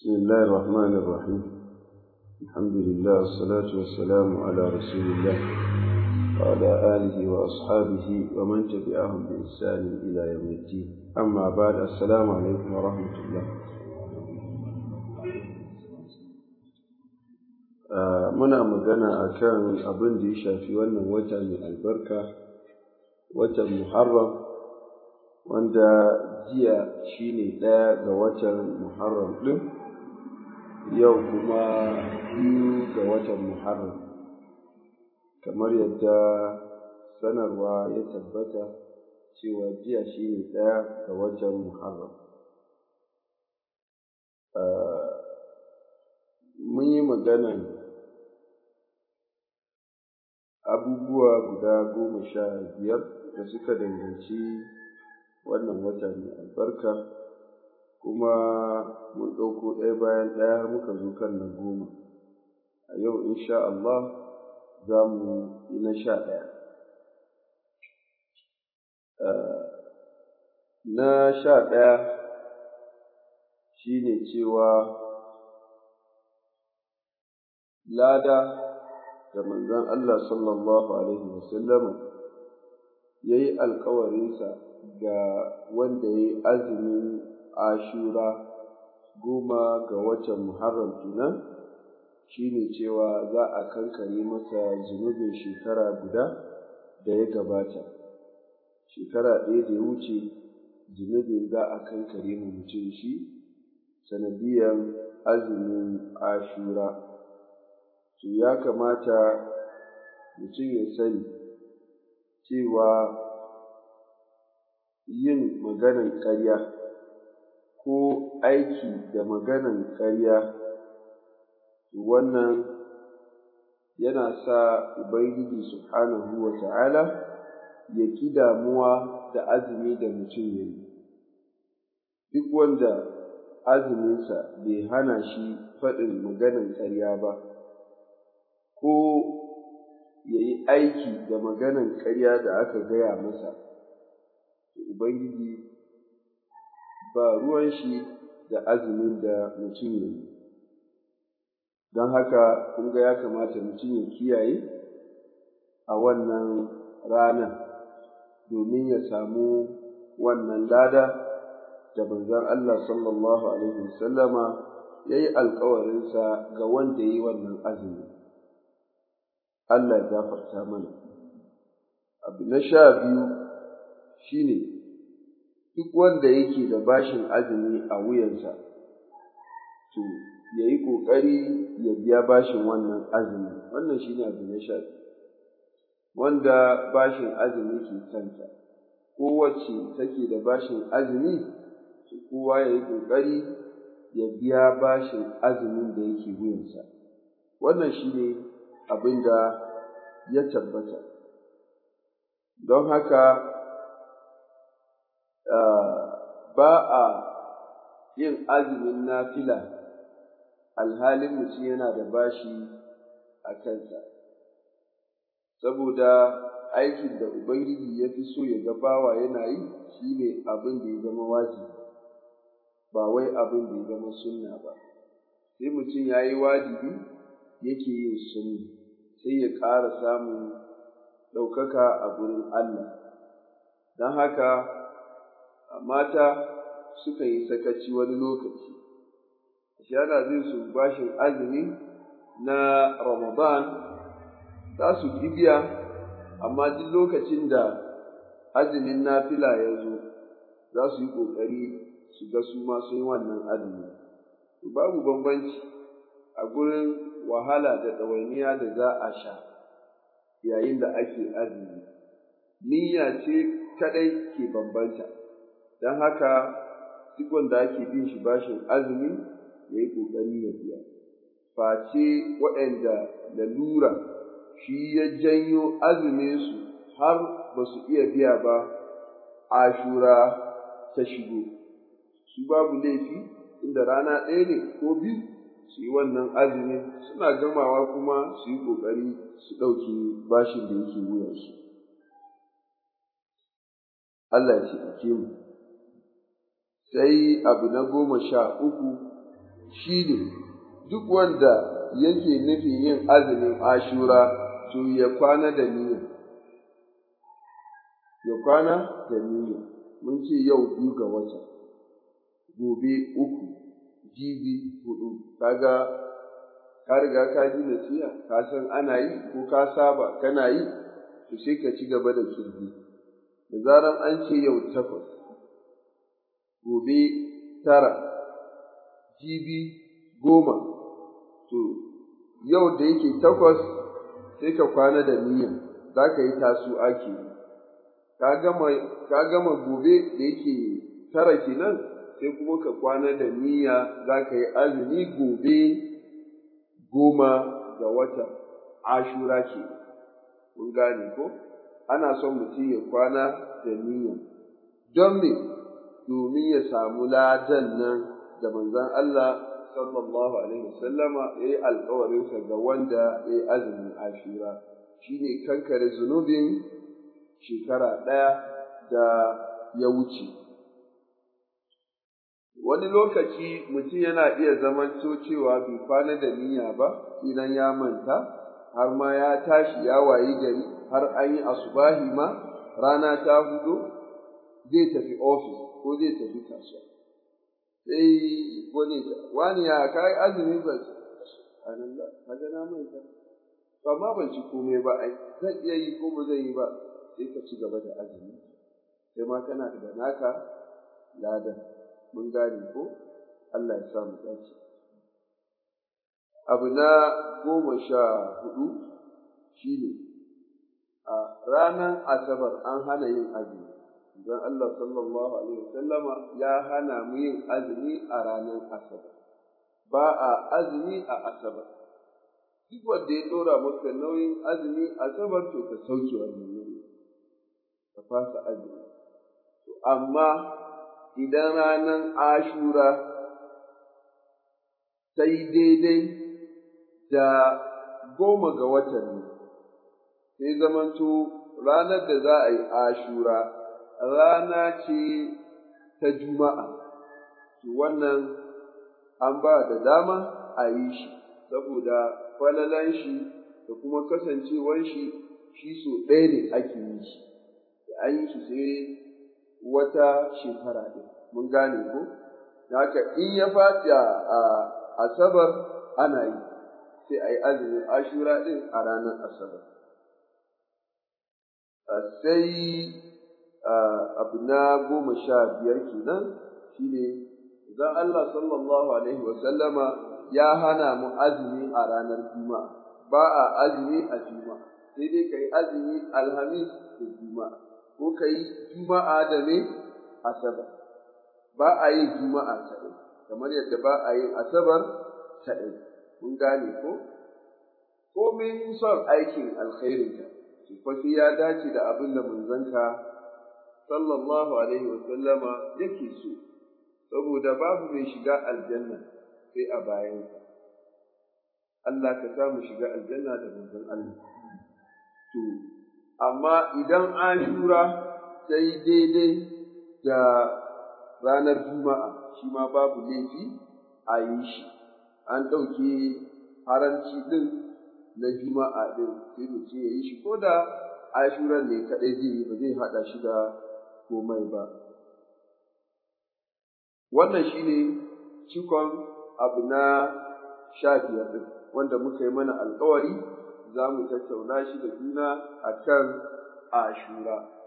بسم الله الرحمن الرحيم الحمد لله والصلاة والسلام على رسول الله وعلى آله وأصحابه ومن تبعهم بإحسان إلى يوم الدين أما بعد السلام عليكم ورحمة الله muna magana a kan abin da ya shafi wannan wata mai albarka watan muharram wanda jiya shine ɗaya ga watan muharram ɗin yau kuma biyu ga watan Muharram, kamar yadda sanarwa ya tabbata cewa jiya shi ne ɗaya ga watan Muharram. Mun yi maganan abubuwa guda goma sha biyar da suka danganci wannan wata mai albarka. kuma mun ɗauko ɗaya bayan ɗaya har muka zo kan na goma. A yau insha Allah za mu yi na sha ɗaya. Eh, na sha ɗaya shi ne cewa lada da manzon Allah sallallahu Alaihi wasallam ya yi alkawarinsa ga wanda ya yi azumin ashura goma ga watan muharram kenan shine cewa za a kankare masa zunubin shekara guda da ya gabata shekara ɗaya da ya wuce zunubin za a kankare mu mutum shi sanadiyar azumin ashura to ya kamata mutum ya sani cewa yin maganar ƙarya ko aiki da maganan ƙarya, wannan yana sa Ubangiji Subhanahu wa ta'ala ya ƙi damuwa da azumi da mutum ya yi, duk wanda azuminsa bai hana shi faɗin maganan ƙarya ba, ko ya yi aiki da maganan ƙarya da aka gaya masa, to Ubangiji ba ruwan shi da azumin da mutum ya yi. Don haka kun ga ya kamata mutum ya kiyaye a wannan ranar domin ya samu wannan lada da banzan Allah sallallahu Alaihi wasallama ya yi alkawarinsa ga wanda ya yi wannan azumi. Allah ya gafarta mana. Abu na sha biyu shi ne duk wanda yake da bashin azumi a wuyansa to ya yi ƙoƙari ya biya bashin wannan azumi wannan shi ne abu na sha wanda bashin azumi ke kanta kowace take da bashin azumi to kowa ya yi ƙoƙari ya biya bashin azumin da yake wuyansa wannan shi ne abin da ya tabbata don haka ba a yin azumin nafila alhalin mutum yana da bashi a kansa, saboda aikin da Ubangiji ya fi so ya ga bawa yana yi shi ne abin da ya zama wajibi, ba wai abin da ya zama sunna ba. Sai mutum ya yi wajibi yake yin suni, sai ya ƙara samun ɗaukaka a gurin Allah. Don haka, mata suka yi sakaci wani lokaci shana zai su bashin azumi na ramadan za su gibiya amma duk lokacin da azumin nafila ya zo za su yi ƙoƙari su ga su ma sun wannan azumi babu bambanci a gurin wahala da ɗawainiya da za a sha yayin da ake azumi niyya ce kaɗai ke bambanta don haka duk wanda ake bin shi bashin azumi ya yi ƙoƙari ya biya face waɗanda lalura shi ya janyo su har ba su iya biya ba ashura ta shigo su babu laifi inda rana ɗaya ne ko biyu su yi wannan azumi suna gamawa kuma su yi ƙoƙari su ɗauki bashin da yake wuyansu Allah ya ce mu. sai abu na goma sha uku shi ne duk wanda yake nufin yin azumin ashura to ya kwana da niyya ya kwana da niyya mun ce yau biyu ga wata gobe uku jibi hudu kaga ka riga ka ji nasiya ka san ana yi ko ka saba kana yi to sai ka ci gaba da kirgi da zaran an ce yau takwas gobe tara, jibi goma, to yau da yake takwas sai ka kwana da miya za ka yi taso ake Ka gama gobe da yake tara kenan sai kuma ka kwana da niyya za ka yi azumi gobe goma ga wata ashura ke. Kun gane ko? Ana son mutum ya kwana da niyya. Don me? domin ya samu ladan nan da manzon Allah sallallahu alaihi wasallama yayi alƙawarin ka ga wanda ya yi azumin ashira ne kankare zunubin shekara ɗaya da ya wuce wani lokaci mutum yana iya zaman cewa bai kwana da niyya ba idan ya manta har ma ya tashi ya wayi gari har an yi asubahi ma rana ta hudu zai tafi ofis ko zai tafi kasuwa sai wani wani ya kai azumi ba ananda kaga na mai ta amma ban ci komai ba ai zan iya yi ko ba zan yi ba sai ka ci gaba da azumi sai ma kana da naka lada mun gane ko Allah ya sa dace abu na goma sha hudu shine a ranar asabar an hana yin azumi dan Allah sallallahu Alaihi wasallama ya hana mu yin azumi a ranar Asabar, ba a azumi a Asabar. Duk wanda ya ɗora maka nauyin azumi Asabar to ka sauke wannan nauyi, ka fasa azumi. To amma idan ranar Ashura sai daidai da goma ga watan sai zamanto ranar da za a yi Ashura. rana ce ta juma'a to wannan an ba da dama a yi shi saboda falalan shi da kuma kasancewan shi shi so ɗaya ne ake yi shi da an yi shi sai wata shekara ɗin mun gane ko haka in ya faɗi a asabar ana yi sai a yi azumin ashura ɗin a ranar asabar sai abu na goma sha biyar kenan shine zan Allah sallallahu alaihi wa sallama ya hana mu azumi a ranar juma'a ba a azumi a juma'a sai dai kai azumi alhamis da juma'a ko kai juma'a da ne asabar ba a yi juma'a kaɗai kamar yadda ba a yi asabar kaɗai mun gane ko komin son aikin alkhairinka to fa ya dace da abin da manzanka sallallahu alaihi wasallama yake so saboda babu mai shiga aljanna sai a bayansa Allah ka samu shiga aljanna da manzon Allah to amma idan ashura sai daidai da ranar juma'a shi ma babu laifi a yi shi an ɗauki haramci ɗin na juma'a ɗin sai mu ce ya yi shi ko da ashuran ne kaɗai zai yi ba zai haɗa shi da komai ba. Wannan shi ne cikon abu na sha biyar ɗin, wanda muka yi mana alkawari za mu tattauna shi da juna a kan ashura.